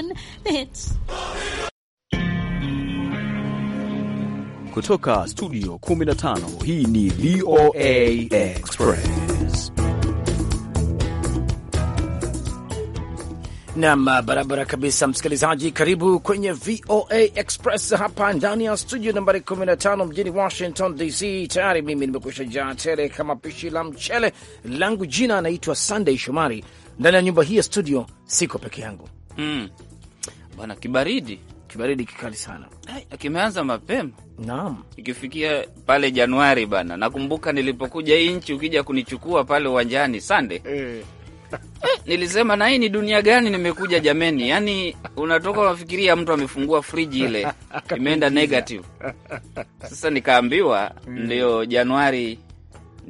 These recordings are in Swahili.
Fun, the hits. Kutoka studio 15 hii ni VOA Express. Nam barabara kabisa, msikilizaji, karibu kwenye VOA Express hapa ndani ya studio nambari 15 mjini Washington DC. Tayari mimi nimekusha jaa tele kama pishi la mchele langu. Jina anaitwa Sunday Shomari. Ndani ya nyumba hii ya studio siko peke yangu mm bwana, kibaridi kibaridi kikali sana, kimeanza mapema naam, ikifikia pale Januari bana. Nakumbuka nilipokuja hii nchi, ukija kunichukua pale uwanjani sande hey, eh. eh, nilisema na hii ni dunia gani nimekuja jameni? yani unatoka unafikiria mtu amefungua friji ile imeenda negative. Sasa nikaambiwa mm. ndio Januari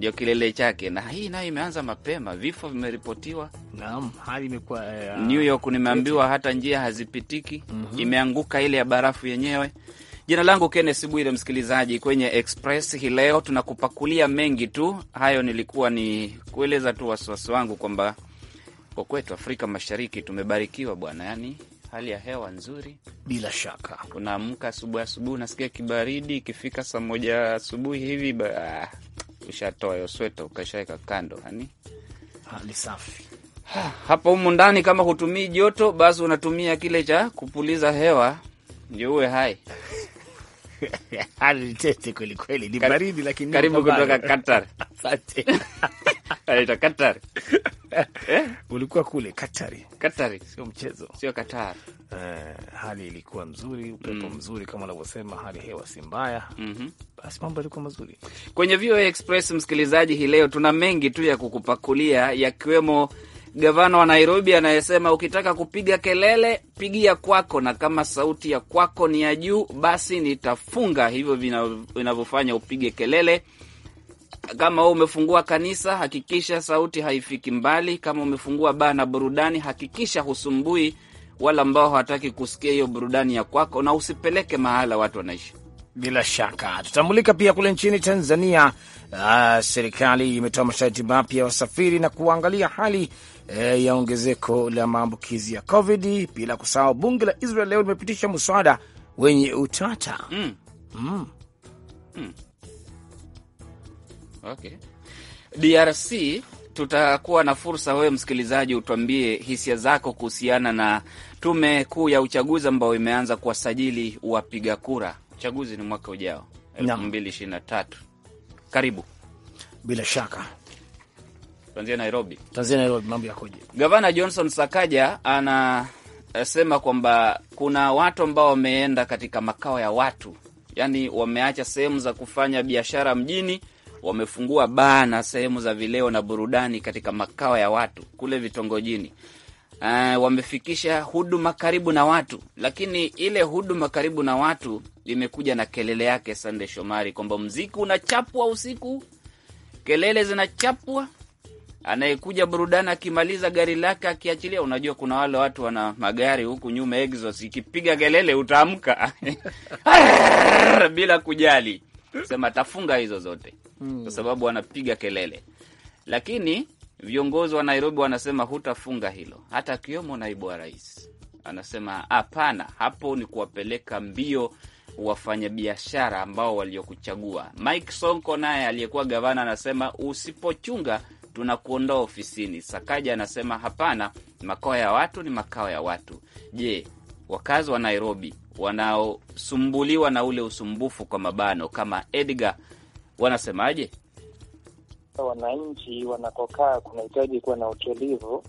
ndio kilele chake, na hii nayo imeanza mapema, vifo vimeripotiwa. Naam, hali imekuwa eh, ah, New York nimeambiwa hata njia hazipitiki. mm -hmm. Imeanguka ile ya barafu yenyewe. Jina langu Kennes Bwire, msikilizaji kwenye Express hii leo tunakupakulia mengi tu. Hayo nilikuwa ni kueleza tu wasiwasi wangu kwamba kwa kwetu Afrika Mashariki tumebarikiwa bwana, yani hali ya hewa nzuri. Bila shaka unaamka asubuhi asubuhi, unasikia kibaridi, ikifika saa moja asubuhi hivi ba ukishatoa hiyo sweta ukashaweka kando, yani hali ah, safi hapo humu ndani. Kama hutumii joto, basi unatumia kile cha kupuliza hewa ndio uwe hai. Hali tete kwelikweli, ni baridi lakini karibu kutoka Qatar. Asante. anaitwa Katari eh? Ulikuwa kule Katari? Katari sio mchezo, sio Katari. Eh, hali ilikuwa mzuri, upepo mm. mzuri kama unavyosema, hali hewa si mbaya mm -hmm. Basi mambo yalikuwa mazuri kwenye VOA Express. Msikilizaji, hii leo tuna mengi tu ya kukupakulia, yakiwemo gavana wa Nairobi anayesema ukitaka kupiga kelele pigia kwako, na kama sauti ya kwako ni ya juu, basi nitafunga hivyo vinavyofanya upige kelele kama wewe umefungua kanisa, hakikisha sauti haifiki mbali. Kama umefungua baa na burudani, hakikisha husumbui wala ambao hawataki kusikia hiyo burudani ya kwako, na usipeleke mahala watu wanaishi. Bila shaka tutambulika pia kule nchini Tanzania. Aa, ah, serikali imetoa masharti mapya ya wasafiri na kuangalia hali e, ya ongezeko la maambukizi ya COVID. Bila kusahau bunge la Israel leo limepitisha mswada wenye utata mm. Mm. Mm. Okay. DRC tutakuwa na fursa wewe msikilizaji, utuambie hisia zako kuhusiana na tume kuu ya uchaguzi ambao imeanza kuwasajili wapiga kura. Uchaguzi ni mwaka ujao 2023. Karibu. Bila shaka Tuanzie Nairobi. Tuanzia Nairobi, mambo yakoje? Gavana Johnson Sakaja anasema kwamba kuna watu ambao wameenda katika makao ya watu, yaani wameacha sehemu za kufanya biashara mjini wamefungua baa na sehemu za vileo na burudani katika makao ya watu kule vitongojini. Uh, wamefikisha huduma karibu na watu, lakini ile huduma karibu na watu imekuja na kelele yake, Sande Shomari, kwamba mziki unachapwa usiku, kelele zinachapwa, anayekuja burudani akimaliza gari lake akiachilia. Unajua, kuna wale watu wana magari huku nyuma exhaust ikipiga kelele utaamka bila kujali sema atafunga hizo zote hmm. kwa sababu wanapiga kelele, lakini viongozi wa Nairobi wanasema hutafunga hilo, hata akiwemo naibu wa rais anasema hapana, hapo ni kuwapeleka mbio wafanyabiashara ambao waliokuchagua. Mike Sonko naye aliyekuwa gavana anasema usipochunga tunakuondoa ofisini. Sakaja anasema hapana, makao ya watu ni makao ya watu. Je, wakazi wa Nairobi wanaosumbuliwa na ule usumbufu kwa mabano kama Edgar wanasemaje? Wananchi wanakokaa kunahitaji kuwa na utulivu,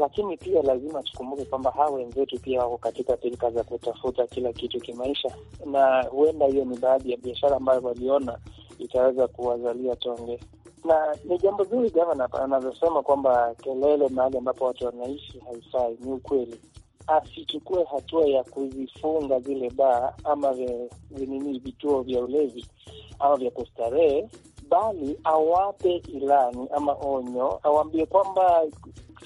lakini pia lazima tukumbuke kwamba hawa wenzetu pia wako katika pilika za kutafuta kila kitu kimaisha, na huenda hiyo ni baadhi ya biashara ambayo waliona itaweza kuwazalia tonge na ni jambo zuri gavana anavyosema kwamba kelele mahali ambapo watu wanaishi haifai. Ni ukweli, asichukue hatua ya kuzifunga zile baa ama vinini vituo vya ulevi ama vya kustarehe, bali awape ilani ama onyo, awaambie kwamba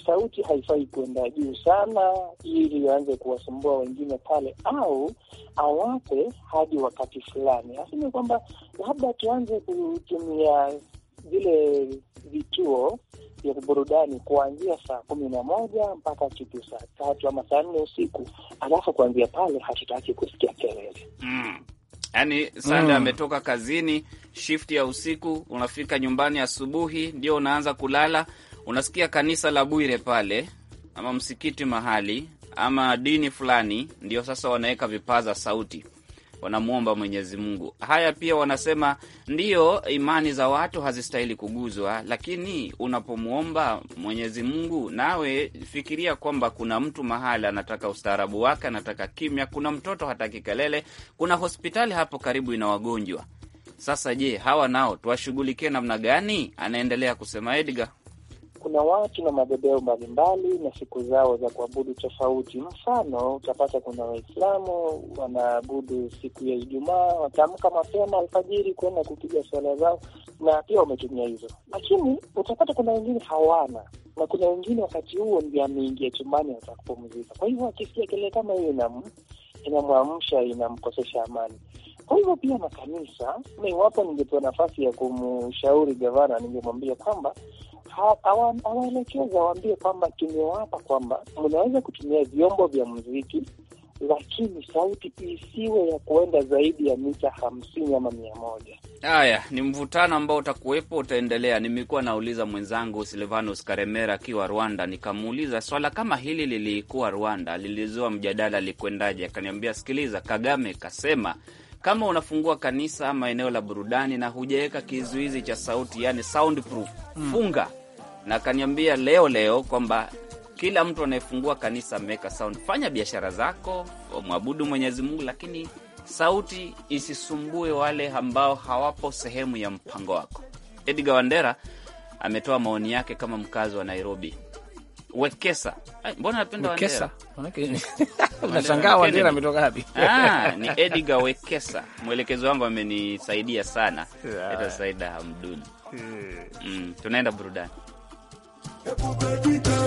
sauti haifai kwenda juu sana, ili waanze kuwasumbua wengine pale, au awape hadi wakati fulani. Aseme kwamba labda tuanze kutumia vile vituo ya burudani kuanzia saa kumi na moja mpaka kitu saa tatu ama saa nne usiku, alafu kuanzia pale hatutaki kusikia kelele mm. Yaani Sanda mm. ametoka kazini shift ya usiku, unafika nyumbani asubuhi, ndio unaanza kulala, unasikia kanisa la Bwire pale ama msikiti mahali ama dini fulani, ndio sasa wanaweka vipaza sauti wanamwomba Mwenyezi Mungu. Haya pia wanasema ndiyo, imani za watu hazistahili kuguzwa, lakini unapomwomba Mwenyezi Mungu nawe fikiria kwamba kuna mtu mahali anataka ustaarabu wake, anataka kimya, kuna mtoto hataki kelele, kuna hospitali hapo karibu ina wagonjwa. Sasa je, hawa nao tuwashughulikie namna gani? Anaendelea kusema Edgar kuna watu na mabebeo mbalimbali na siku zao za kuabudu tofauti. Mfano, utapata kuna Waislamu wanaabudu siku ya Ijumaa, wataamka mapema alfajiri kwenda kupiga swala zao, na pia wametumia hizo, lakini utapata kuna wengine hawana na kuna wengine wakati huo ndio ameingia chumbani anataka kupumzika. Kwa hivyo akisikia kelele kama hiyo inamwamsha, inamkosesha amani. Kwa hivyo pia makanisa, iwapo ningepewa nafasi ya kumshauri gavana, ningemwambia kwamba hawaelekeza waambie kwamba tumewapa kwamba mnaweza kutumia vyombo vya muziki, lakini sauti isiwe ya kuenda zaidi ya mita hamsini ama mia moja. Haya ni mvutano ambao utakuwepo, utaendelea. Nimekuwa nauliza mwenzangu Silvanus Karemera akiwa Rwanda, nikamuuliza swala kama hili lilikuwa Rwanda, lilizua mjadala, likwendaje? Akaniambia, sikiliza, Kagame kasema kama unafungua kanisa ama eneo la burudani na hujaweka kizuizi cha sauti, yani soundproof, mm. funga mm na akaniambia leo leo kwamba kila mtu anayefungua kanisa Meka Sound, fanya biashara zako, mwabudu Mwenyezi Mungu, lakini sauti isisumbue wale ambao hawapo sehemu ya mpango wako. Edgar Wandera ametoa maoni yake kama mkazi wa Nairobi. Wekesa, mbona napenda Unashangaa Wandera ametoka wapi? Ah, ni Edgar Wekesa, mwelekezo wangu amenisaidia sana. Itasaida Hamduni. Mm, tunaenda burudani. É poder quem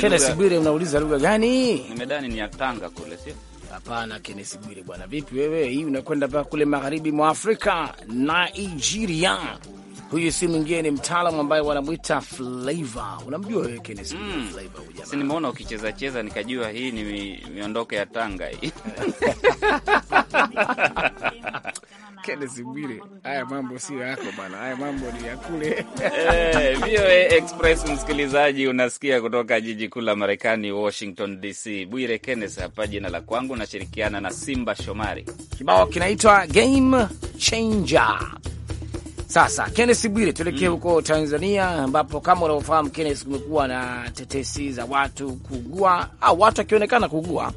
Kenesi Bwire, unauliza lugha gani? Nimedani ni ya Tanga kule, sio? Hapana, Kenesi Bwire bwana, vipi wewe? Hii unakwenda pa kule magharibi mwa Afrika, Nigeria. Huyu si mwingine, ni mtaalamu ambaye wanamwita Flavor. Unamjua wewe Kenesi? Mm. Flavor huyu jamaa, nimeona ukicheza cheza, nikajua hii ni miondoko ya Tanga hii Kenneth Bwire, haya mambo sio yako bana, haya mambo ni ya kule eh, VOA Express. Msikilizaji, unasikia kutoka jiji kuu la Marekani, Washington DC. Bwire Kenneth hapa, jina la kwangu, nashirikiana na Simba Shomari. Kibao kinaitwa Game Changer. Sasa Kenneth Bwire, tuelekee mm, huko Tanzania ambapo kama unavyofahamu Kenneth, kumekuwa na tetesi za watu kuugua au watu wakionekana kuugua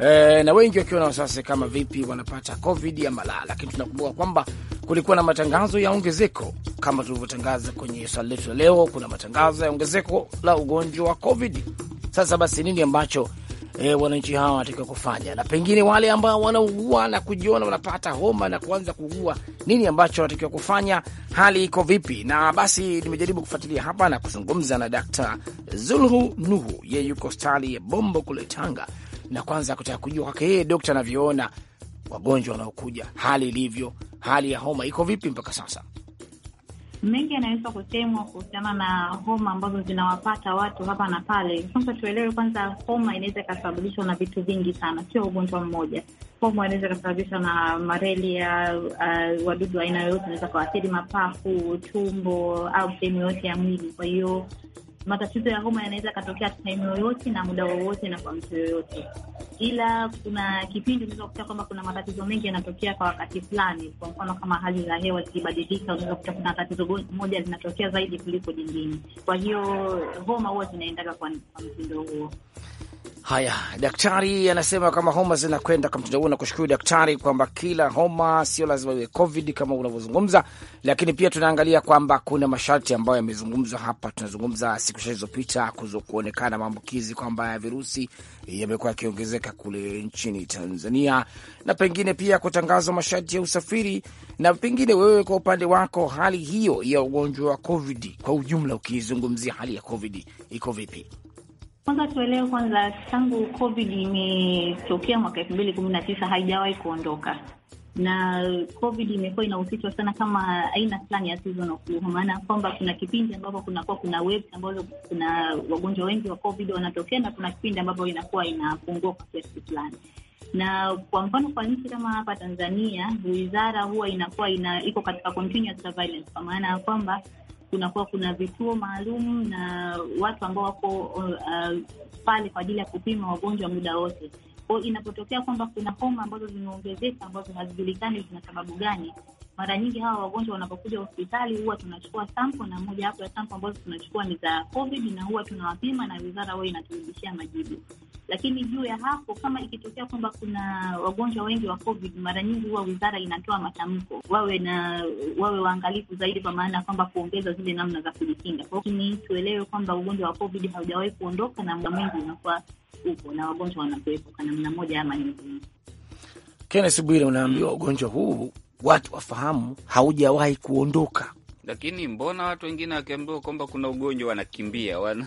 e, na wengi wakiwa na wasiwasi kama vipi wanapata covid ya malaa. Lakini tunakumbuka kwamba kulikuwa na matangazo ya ongezeko kama tulivyotangaza kwenye swali letu la leo, kuna matangazo ya ongezeko la ugonjwa wa covid. Sasa basi, nini ambacho e, wananchi hawa wanatakiwa kufanya, na pengine wale ambao wanaugua na kujiona wanapata homa na kuanza kuugua, nini ambacho wanatakiwa kufanya? Hali iko vipi? Na basi nimejaribu kufuatilia hapa na kuzungumza na Dkt. Zulhu Nuhu, yeye yuko stali ya Bombo kule Tanga, na kwanza kutaka kujua kwake yeye dokta anavyoona wagonjwa wanaokuja, hali ilivyo, hali ya homa iko vipi mpaka sasa. Mengi yanaweza kusemwa kuhusiana na homa ambazo zinawapata watu hapa na pale. Kwanza tuelewe kwanza, homa inaweza ikasababishwa na vitu vingi sana, sio ugonjwa mmoja. Homa inaweza ikasababishwa na malaria, uh, wadudu aina yoyote, inaweza kuathiri mapafu, tumbo au sehemu yoyote ya mwili. Kwa hiyo matatizo ya homa yanaweza katokea time yoyote na muda wowote na kwa mtu yoyote, ila kuna kipindi unaweza kukuta kwamba kuna matatizo mengi yanatokea kwa wakati fulani. Kwa mfano kama hali za hewa zikibadilika, unaweza kukuta kuna tatizo moja zinatokea zaidi kuliko jingine. Kwa hiyo homa huwa zinaendaga kwa mtindo huo. Haya, daktari anasema kama homa zinakwenda kwa mtindo huu, na kushukuru daktari kwamba kila homa sio lazima iwe covid kama unavyozungumza, lakini pia tunaangalia kwamba kuna masharti ambayo yamezungumzwa hapa. Tunazungumza siku chache zilizopita kuonekana maambukizi kwamba ya virusi yamekuwa yakiongezeka kule nchini Tanzania, na pengine pia kutangazwa masharti ya usafiri, na pengine wewe kwa upande wako hali hiyo ya ugonjwa wa covid kwa ujumla, ukiizungumzia hali ya covid iko vipi? Kwanza tuelewe kwanza, tangu COVID imetokea mwaka elfu mbili kumi na tisa haijawahi kuondoka, na COVID imekuwa inahusishwa sana kama aina fulani ya seasonal flu, maana kwamba kuna kipindi ambapo kunakuwa kuna waves ambazo kuna wagonjwa wengi wa COVID wanatokea, na kuna kipindi ambapo inakuwa inapungua kwa kiasi fulani na kwa mfano kwa nchi kama hapa Tanzania, wizara huwa inakuwa ina iko katika continuous surveillance, kwa maana ya kwamba kunakuwa kuna vituo maalum na watu ambao wako uh, pale kwa ajili ya kupima wagonjwa muda wote. Kwa hiyo inapotokea kwamba kuna homa ambazo zimeongezeka ambazo hazijulikani zina sababu gani, mara nyingi hawa wagonjwa wanapokuja hospitali huwa tunachukua sampo, na moja wapo ya sampo ambazo tunachukua ni za COVID na huwa tunawapima na wizara huwa inaturudishia majibu. Lakini juu ya hapo, kama ikitokea kwamba kuna wagonjwa wengi wa COVID, mara nyingi huwa wizara inatoa matamko, wawe na wawe waangalifu zaidi, kwa maana ya kwamba kuongeza zile namna za kujikinga. Kwa hiyo tuelewe kwamba ugonjwa wa COVID haujawahi kuondoka na muda mwingi unakuwa upo na wagonjwa wanakuwepo kwa namna moja ama nyingine. Kennes Bwire, unaambiwa ugonjwa huu watu wafahamu haujawahi kuondoka, lakini mbona watu wengine wakiambiwa kwamba kuna ugonjwa wanakimbia wana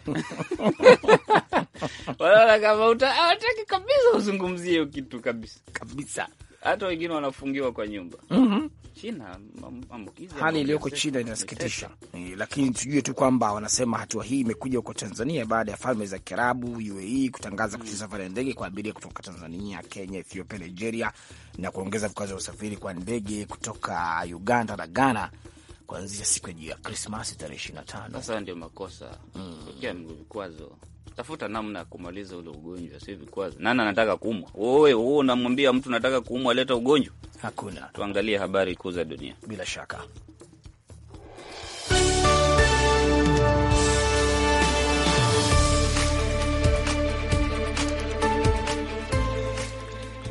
wanaona kama hawataki kabisa uzungumzie hiyo kitu kabisa kabisa. Hata wengine wanafungiwa kwa nyumba mm -hmm. China maambukizi, hali iliyoko China inasikitisha eh, lakini tujue tu kwamba wanasema hatua hii imekuja huko Tanzania baada ya Falme za Kiarabu UAE kutangaza mm safari ya ndege kwa abiria kutoka Tanzania, Kenya, Ethiopia, Nigeria na kuongeza vikwazo vya usafiri kwa ndege kutoka Uganda na Ghana kuanzia siku ya juu ya Krismasi tarehe ishirini na tano. Sasa ndio makosa mm. vikwazo tafuta namna ya kumaliza ule ugonjwa, si vikwazo. Nani anataka kuumwa? Wewe wewe unamwambia mtu nataka kuumwa, aleta ugonjwa? Hakuna. Tuangalie habari kuu za dunia. Bila shaka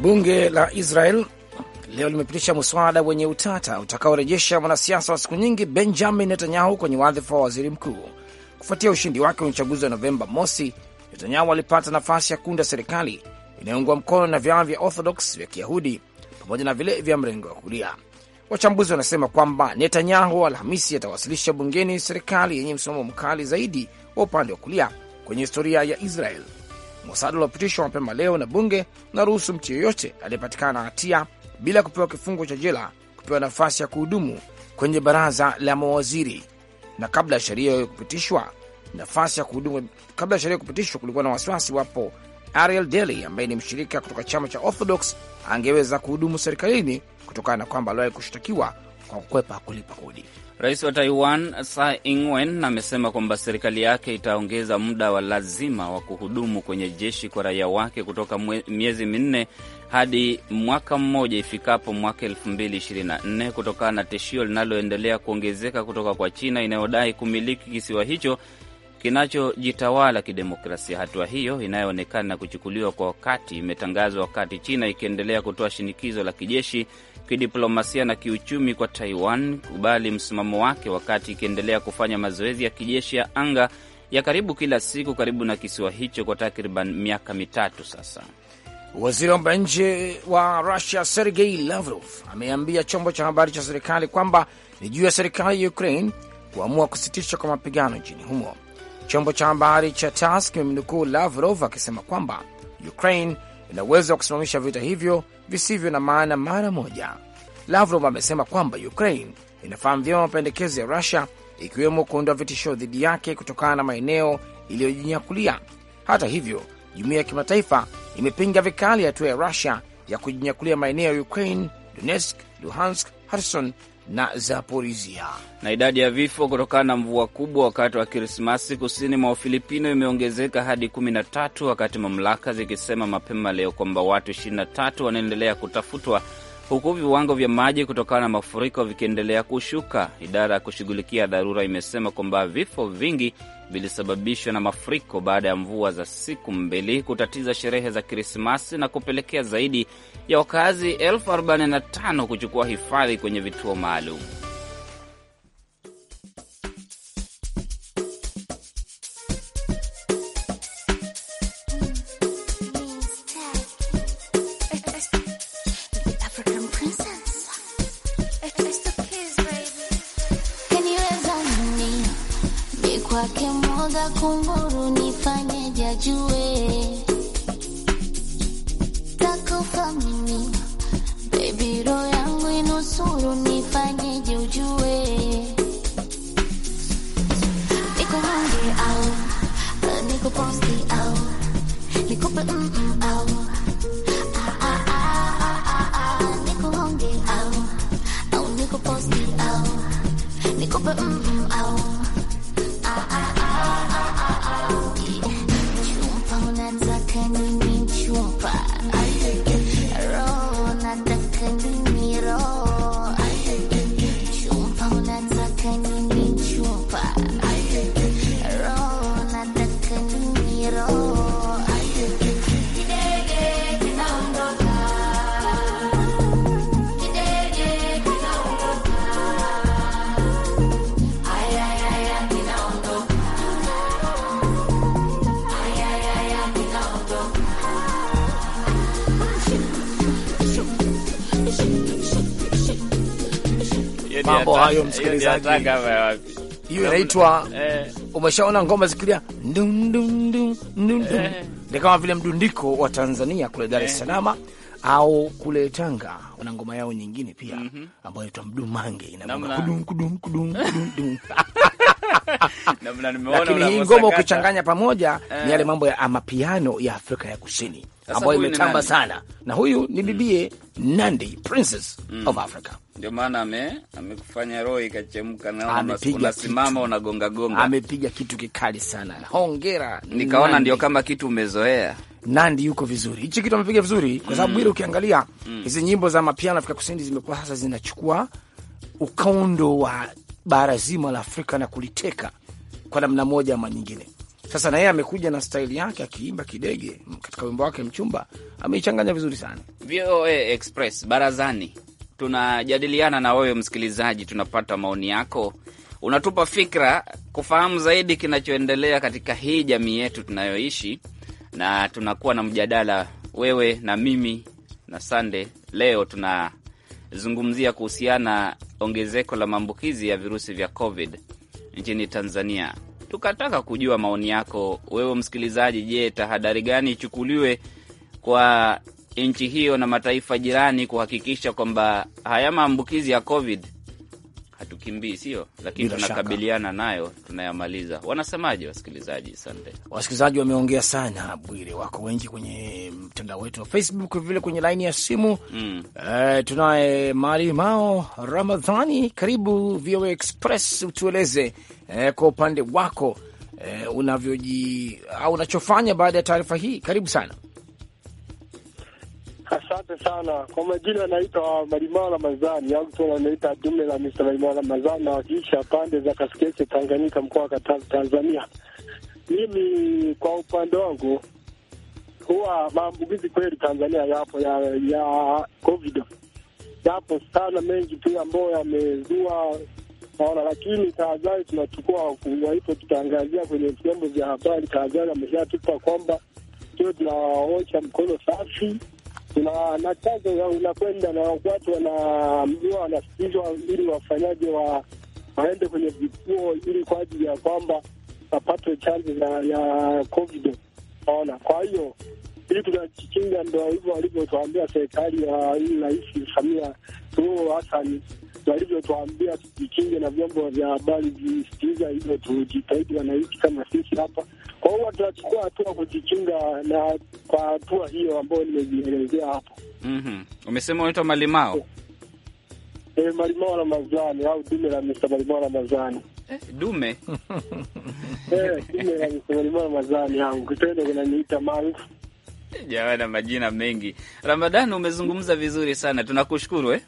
bunge la Israel leo limepitisha mswada wenye utata utakaorejesha mwanasiasa wa siku nyingi Benjamin Netanyahu kwenye wadhifa wa waziri mkuu. Kufuatia ushindi wake kwenye uchaguzi wa Novemba mosi, Netanyahu alipata nafasi ya kuunda serikali inayoungwa mkono na vyama vya Orthodox vya Kiyahudi pamoja na vile vya mrengo wa kulia. Wachambuzi wanasema kwamba Netanyahu Alhamisi atawasilisha bungeni serikali yenye msimamo mkali zaidi wa upande wa kulia kwenye historia ya Israel. Musada uliopitishwa mapema leo na bunge unaruhusu mtu yeyote aliyepatikana na hatia bila kupewa kifungo cha jela kupewa nafasi ya kuhudumu kwenye baraza la mawaziri na kabla ya sheria hiyo kupitishwa nafasi ya kuhudumu. Kabla ya sheria kupitishwa, kulikuwa na wasiwasi wapo Ariel Deli ambaye ni mshirika kutoka chama cha Orthodox angeweza kuhudumu serikalini kutokana na kwamba aliwahi kushtakiwa kwa kukwepa kulipa kodi. Rais wa Taiwan Tsai Ing-wen amesema kwamba serikali yake itaongeza muda wa lazima wa kuhudumu kwenye jeshi kwa raia wake kutoka miezi minne hadi mwaka mmoja ifikapo mwaka 2024 kutokana na tishio linaloendelea kuongezeka kutoka kwa China inayodai kumiliki kisiwa hicho kinachojitawala kidemokrasia. Hatua hiyo inayoonekana kuchukuliwa kwa wakati imetangazwa wakati China ikiendelea kutoa shinikizo la kijeshi, kidiplomasia na kiuchumi kwa Taiwan kubali msimamo wake, wakati ikiendelea kufanya mazoezi ya kijeshi ya anga ya karibu kila siku karibu na kisiwa hicho kwa takriban miaka mitatu sasa. Waziri wa mambo ya nje wa Rusia Sergei Lavrov ameambia chombo cha habari cha serikali kwamba ni juu ya serikali ya Ukraine kuamua kusitisha kwa mapigano nchini humo. Chombo cha habari cha TASS kimemnukuu Lavrov akisema kwamba Ukraine ina uwezo wa kusimamisha vita hivyo visivyo na maana mara moja. Lavrov amesema kwamba Ukraine inafahamu vyema mapendekezo ya Rusia, ikiwemo kuondoa vitisho dhidi yake kutokana na maeneo iliyojinyakulia. Hata hivyo jumuiya ya kimataifa imepinga vikali hatua ya Rusia ya kujinyakulia maeneo ya Ukraine, Donetsk, Luhansk, Kherson na Zaporizia. Na idadi ya vifo kutokana na mvua kubwa wakati wa Krismasi kusini mwa Ufilipino imeongezeka hadi 13 wakati mamlaka zikisema mapema leo kwamba watu 23 wanaendelea kutafutwa huku viwango vya maji kutokana na mafuriko vikiendelea kushuka. Idara ya kushughulikia dharura imesema kwamba vifo vingi vilisababishwa na mafuriko baada ya mvua za siku mbili kutatiza sherehe za Krismasi na kupelekea zaidi ya wakazi elfu kuchukua hifadhi kwenye vituo maalum. but i mambo hayo, msikilizaji, hiyo inaitwa eh. Umeshaona ngoma zikilia ndum ndum ndum ndum eh. Ni kama vile mdundiko wa Tanzania kule Dar es eh. Salaam au kule Tanga wana ngoma yao nyingine pia mhm. ambayo inaitwa mdumange inabonga kudum kudum kudum kudum lakini hii ngoma ukichanganya pamoja eh, ni yale mambo ya amapiano ya Afrika ya Kusini ambayo imetamba sana, na huyu ni mm. bibie mm, Nandi, Princess mm, of Africa. Ndio maana ame amekufanya roho ikachemka, na unasimama unagonga gonga, amepiga kitu kikali sana. Hongera, nikaona ndio kama kitu umezoea. Nandi yuko vizuri, hichi kitu amepiga vizuri, kwa sababu mm, ile ukiangalia mm. hizi mm, nyimbo za mapiano Afrika Kusini zimekuwa sasa zinachukua ukaundo wa bara zima la Afrika na kuliteka kwa namna moja ama nyingine. Sasa na yeye amekuja na staili yake akiimba kidege katika wimbo wake Mchumba, ameichanganya vizuri sana. VOA Express barazani, tunajadiliana na wewe msikilizaji, tunapata maoni yako, unatupa fikra kufahamu zaidi kinachoendelea katika hii jamii yetu tunayoishi, na tunakuwa na mjadala wewe na mimi na Sande. Leo tunazungumzia kuhusiana ongezeko la maambukizi ya virusi vya COVID nchini Tanzania. Tukataka kujua maoni yako wewe msikilizaji. Je, tahadhari gani ichukuliwe kwa nchi hiyo na mataifa jirani kuhakikisha kwamba haya maambukizi ya COVID hatukimbii sio, lakini tunakabiliana nayo, tunayamaliza. Wanasemaje wasikilizaji? Sande, wasikilizaji wameongea sana, Bwire, wako wengi kwenye mtandao wetu wa Facebook, vile kwenye laini ya simu mm. E, tunaye Malimao Ramadhani, karibu VOA Express, utueleze e, kwa upande wako e, unavyoji au unachofanya baada ya taarifa hii. Karibu sana. Asante sana kwa majina, anaitwa Malimao ramazani au tu anaita jumla la Mr. Malimao na wakiisha pande za Kaskese, Tanganyika, mkoa wa Katavi, Tanzania. Mimi kwa upande wangu huwa maambukizi kweli Tanzania yapo ya, ya COVID yapo sana mengi tu ambayo yamezua naona, lakini tahadhari tunachukua waipo, tutaangazia kwenye vyombo vya habari, tahadhari ameshatupa kwamba tuwe tunaosha mkono safi na na chanzo unakwenda na watu mjua wanasikizwa ili wafanyaji wa waende kwenye vituo ili kwa ajili ya kwamba wapatwe chanjo ya COVID. Naona kwa hiyo ili tunajikinga, ndo hivyo walivyotuambia serikali ya hii Rais Samia Suluhu Hasani walivyotuambia tujikinge na vyombo vya habari visikiliza hivyo, tujitahidi wananchi kama sisi hapa. Kwa hiyo tunachukua hatua kujikinga na kwa hatua hiyo ambayo nimezielezea hapo. Mm-hmm. Umesema unaitwa Malimao? E, Malimao Ramadhani au dume la Mr. Malimao Ramadhani eh, dume e, dume la Mr. Malimao yangu kitendo kinaniita majina mengi. Ramadhani, umezungumza vizuri sana, tunakushukuru eh?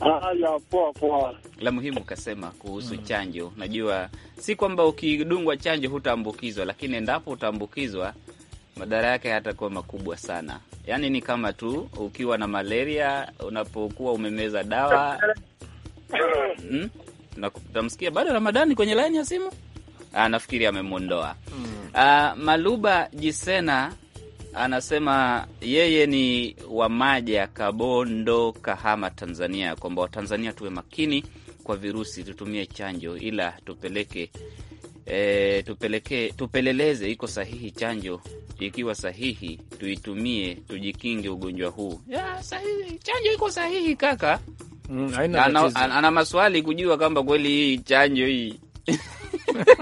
Haya, poa poa. La muhimu ukasema kuhusu mm, chanjo. Najua si kwamba ukidungwa chanjo hutaambukizwa, lakini endapo utaambukizwa madhara yake hatakuwa makubwa sana. Yaani ni kama tu ukiwa na malaria unapokuwa umemeza dawa mm? Tamsikia bado Ramadhani kwenye laini ya simu, ah, nafikiri amemwondoa. Mm. Uh, ah, Maluba Jisena anasema yeye ni Wamaja, Kabondo, Kahama, Tanzania, kwamba Watanzania tuwe makini kwa virusi, tutumie chanjo ila tupeleke E, tupeleke, tupeleleze iko sahihi chanjo ikiwa sahihi, tuitumie tujikinge ugonjwa huu ya, sahihi, chanjo iko sahihi kaka. Mm, ana, ana maswali kujua kwamba kweli hii chanjo hii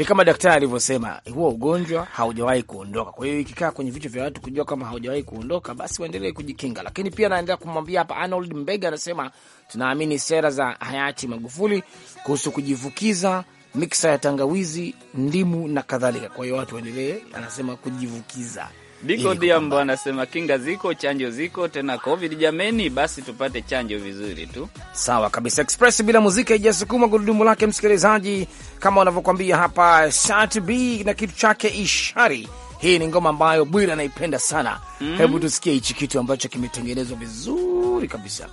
ni kama daktari alivyosema, huo ugonjwa haujawahi kuondoka. Kwa hiyo ikikaa kwenye vichwa vya watu kujua kama haujawahi kuondoka, basi waendelee kujikinga. Lakini pia naendelea kumwambia hapa, Arnold Mbega anasema tunaamini sera za hayati Magufuli kuhusu kujivukiza miksa ya tangawizi, ndimu na kadhalika. Kwa hiyo watu waendelee, anasema kujivukiza Biko Diambo anasema kinga ziko, chanjo ziko, tena Covid jameni, basi tupate chanjo vizuri tu. Sawa kabisa. Express bila muziki haijasukuma gurudumu lake, msikilizaji, kama wanavyokwambia hapa Shat B na kitu chake Ishari. Hii ni ngoma ambayo Bwira anaipenda sana. Mm Hebu tusikie hichi kitu ambacho kimetengenezwa vizuri kabisa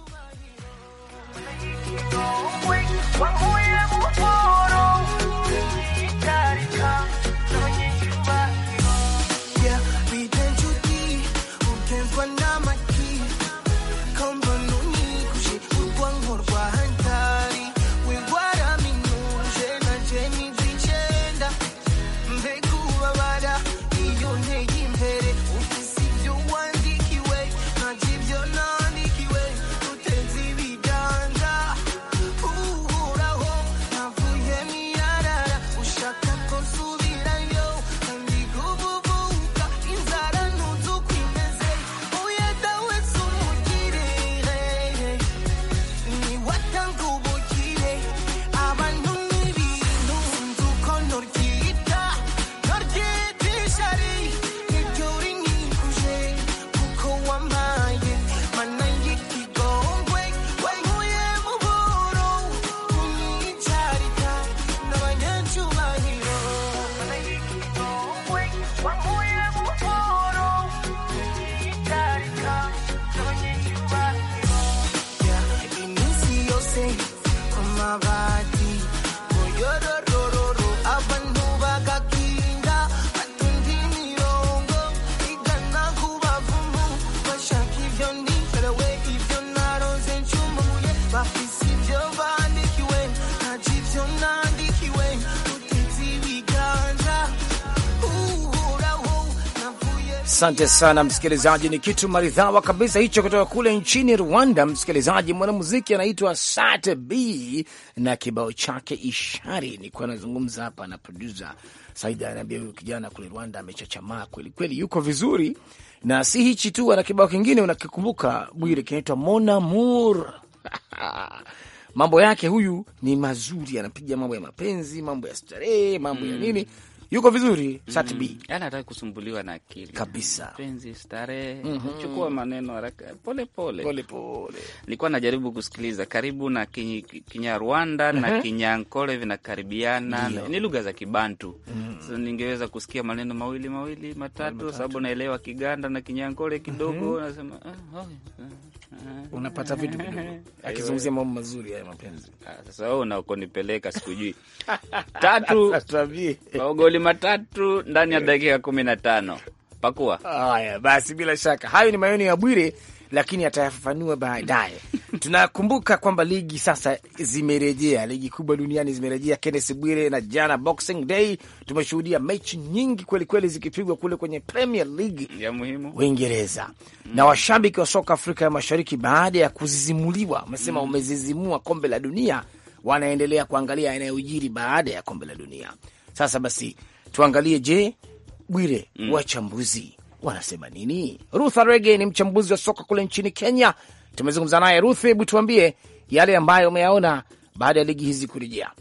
Asante sana msikilizaji, ni kitu maridhawa kabisa hicho kutoka kule nchini Rwanda. Msikilizaji, mwanamuziki anaitwa Sate B na kibao chake Ishari. Nikuwa nazungumza hapa na produsa Saida, anaambia huyu kijana kule Rwanda amechachamaa kweli kweli, yuko vizuri na si hichi tu, ana kibao kingine unakikumbuka, Bwire, kinaitwa Monamur mambo yake huyu ni mazuri, anapiga mambo ya mapenzi, mambo ya starehe, mambo ya mm. nini yuko vizuri mm. Satbi, yani hataki kusumbuliwa na akili kabisa, penzi starehe, mhm. chukua maneno haraka, pole pole pole pole. Nilikuwa najaribu kusikiliza karibu na Kinyarwanda na Kinyankole vinakaribiana, ni lugha za Kibantu. mm. So, ningeweza kusikia maneno mawili mawili matatu, sababu naelewa Kiganda na Kinyankole kidogo, mhm. nasema ah, oh, eh, eh. unapata vitu kidogo, akizungumzia mambo mazuri haya mapenzi. Ah, sasa wewe unakonipeleka sikujui tatu mawili matatu ndani ya eh. dakika kumi na tano. Pakua haya basi, bila shaka hayo ni maoni ya Bwire, lakini atayafafanua baadaye. Tunakumbuka kwamba ligi sasa zimerejea, ligi kubwa duniani zimerejea, Kennes Bwire, na jana Boxing Day tumeshuhudia mechi nyingi kwelikweli zikipigwa kule kwenye Premier League ya muhimu Uingereza. Mm. na washabiki wa soka Afrika ya Mashariki baada ya kuzizimuliwa, amesema mm. wamezizimua mm. kombe la dunia, wanaendelea kuangalia yanayojiri baada ya kombe la dunia. Sasa basi tuangalie, je, Bwire, mm. wachambuzi wanasema nini? Ruth Arege ni mchambuzi wa soka kule nchini Kenya. Tumezungumza naye. Ruth, hebu tuambie yale ambayo umeyaona baada ya ligi hizi kurejea.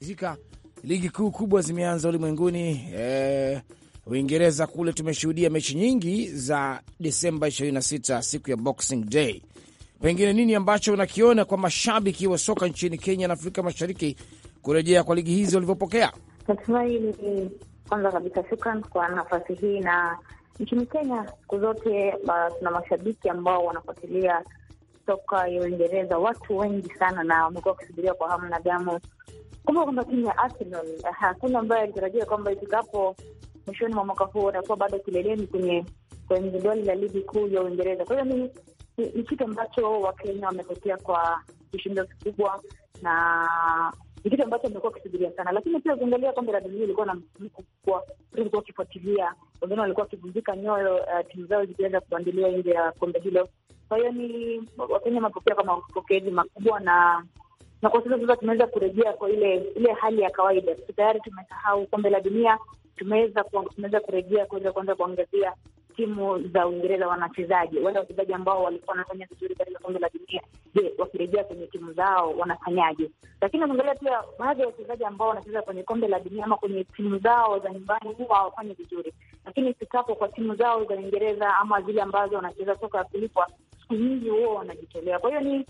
Zika ligi kuu kubwa zimeanza ulimwenguni. E, Uingereza kule tumeshuhudia mechi nyingi za Desemba 26 siku ya Boxing Day. Pengine nini ambacho unakiona kwa mashabiki wa soka nchini Kenya na Afrika Mashariki kurejea kwa ligi hizi walivyopokea? Natumai kwanza kabisa, shukran kwa nafasi hii. Na nchini Kenya siku zote tuna mashabiki ambao wanafuatilia soka ya Uingereza, watu wengi sana, na wamekuwa wakisubiria kwa hamu na damu kumbuka kwamba timu ya Arsenal hakuna ambaye alitarajia kwamba ifikapo mwishoni mwa mwaka huu watakuwa bado kileleni kwenye kwenye jedwali la ligi kuu ya Uingereza. Kwa hiyo ni ni kitu ambacho Wakenya wametokea kwa kishindo kikubwa, na ni kitu ambacho amekuwa akisubiria sana, lakini pia ukiangalia kombe la dunia ilikuwa na msisimko mkubwa, tulikuwa wakifuatilia, wengine walikuwa wakivunjika nyoyo uh, timu zao zikiweza kubandiliwa nje ya kombe hilo. Kwa hiyo ni Wakenya mapokea kama mapokezi makubwa na na kwa sasa sasa tumeweza kurejea kwa ile ile hali ya kawaida. Tayari tumesahau kombe la dunia, tumeweza tumeweza kurejea kuweza kuanza kuangazia timu za Uingereza, wanachezaji wale wachezaji ambao walikuwa wanafanya vizuri katika kombe la dunia. Je, wakirejea kwenye timu zao wanafanyaje? Lakini unaangalia pia baadhi ya wachezaji ambao wanacheza kwenye kombe la dunia ama kwenye timu zao za nyumbani huwa hawafanyi vizuri, lakini sikapo kwa timu zao za Uingereza ama zile ambazo wanacheza soka ya kulipwa, siku nyingi huwa wanajitolea. Kwa hiyo ni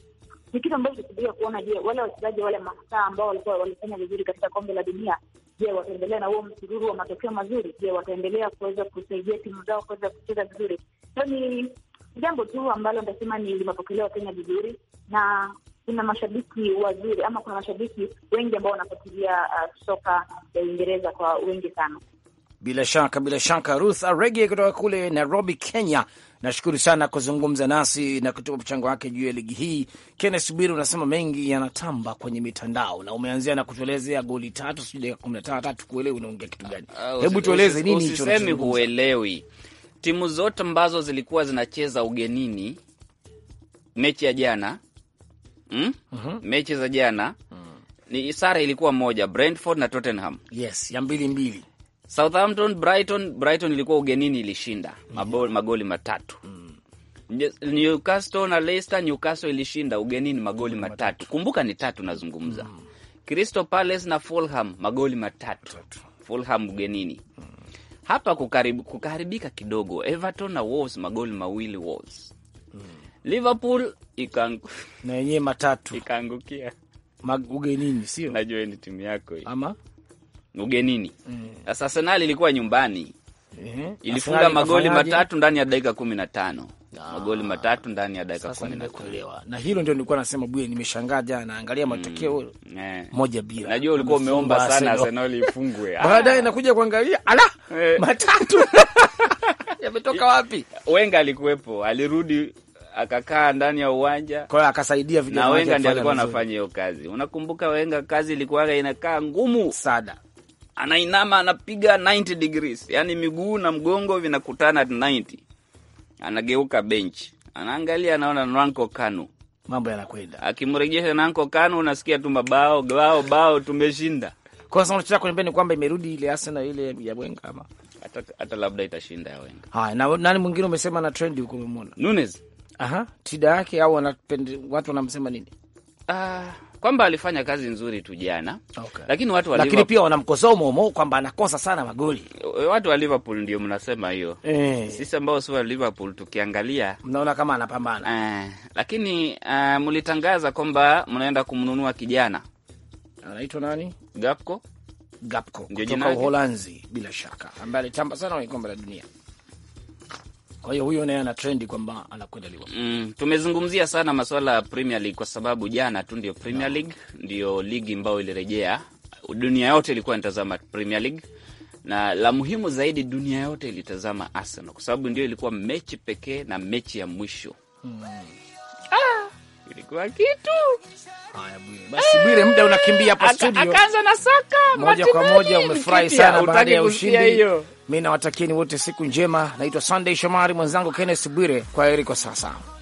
ni kitu ambacho kitakuja kuona, je, wale wachezaji wale mastaa ambao walikuwa walifanya vizuri katika kombe la dunia, je, wataendelea na huo msururu wa matokeo mazuri? Je, wataendelea kuweza kusaidia timu zao kuweza kucheza vizuri? So ni jambo tu ambalo nitasema ni limepokelewa Kenya vizuri na kuna mashabiki wazuri ama kuna mashabiki wengi ambao wanafuatilia uh, soka ya Uingereza kwa wengi sana. Bila shaka, bila shaka. Ruth Arege kutoka kule Nairobi, Kenya, nashukuru sana kuzungumza nasi na kutupa mchango wake juu ya ligi hii. Kennes Bwiri, unasema mengi yanatamba kwenye mitandao na umeanzia na kutuelezea goli tatu, sijui dakika kumi na tano tatu, kuelewi unaongea kitu gani? Ah, Hebu tueleze nini hicho, usisemi huelewi. Timu zote ambazo zilikuwa zinacheza ugenini mechi ya jana mm? uh mhm. -huh. mechi za jana uh mhm. -huh. ni sare ilikuwa moja, Brentford na Tottenham, yes ya mbili mbili Southampton, Brighton, Brighton ilikuwa ugenini ilishinda magoli, magoli matatu Newcastle na Leicester, Newcastle ilishinda ugenini magoli matatu, kumbuka ni tatu nazungumza mm. Crystal Palace na Fulham magoli matatu, Fulham ugenini mm. Hapa kukaribu, kukaribika kidogo Everton na Wolves magoli mawili Wolves mm. Liverpool ikangu... na yenyewe matatu ikaangukia ugenini, sio? Najua ni timu yako hii ama ugenini. Mm. Sasa Arsenal ilikuwa nyumbani mm-hmm. Ilifunga magoli matatu ndani ya dakika kumi na tano ah. magoli matatu ndani ya dakika kumi na tano na hilo ndio nilikuwa nasema bwe, nimeshangaa jana, naangalia mm. matokeo mm, eh, moja bila. Najua ulikuwa umeomba sana Arsenal ifungwe, ah. baadaye nakuja kuangalia ala, eh, matatu yametoka wapi? Wenga alikuwepo, alirudi akakaa ndani ya uwanja kwa akasaidia vijana, na Wenga ndiye alikuwa anafanya hiyo kazi. Unakumbuka Wenga kazi ilikuwa inakaa ngumu sana anainama anapiga 90 degrees, yani miguu na mgongo vinakutana 90, anageuka bench, anaangalia, anaona Nwanko Kanu, mambo yanakwenda. Akimrejesha Nwanko Kanu, unasikia tu mabao bao bao, tumeshinda. Kwa sababu tunataka ni kwamba imerudi ile Arsenal ile ya Wenger ama hata, hata labda itashinda ya Wenger. Haya, na nani mwingine umesema na trend huko umemwona? Nunes. Aha, tida yake au watu wanamsema nini? Ah uh kwamba alifanya kazi nzuri tu jana okay. Lakini watu wa lakini Liverpool... pia wanamkosoa umomo kwamba anakosa sana magoli. E, watu wa Liverpool ndio mnasema hiyo e. Sisi ambao si wa Liverpool tukiangalia mnaona kama anapambana e. lakini uh, mlitangaza kwamba mnaenda kumnunua kijana anaitwa nani? Gapko Gapko kutoka Uholanzi bila shaka ambaye alitamba sana kwenye kombe la dunia kwa hiyo huyo naye ana trendi kwamba anakwenda Liverpool. Mm, tumezungumzia sana masuala ya Premier League kwa sababu jana tu ndio Premier League ndio ligi ambayo ilirejea, dunia yote ilikuwa inatazama Premier League na la muhimu zaidi, dunia yote ilitazama Arsenal kwa sababu ndio ilikuwa mechi pekee na mechi ya mwisho mm ilikuwa kitu haya. Basi Bwire, muda unakimbia hapa studio, akaanza na soka moja kwa moja. Umefurahi sana baada ya ushindi. Mimi nawatakieni wote siku njema. Naitwa Sunday Shomari, mwenzangu Kenneth Bwire. Kwa heri kwa sasa.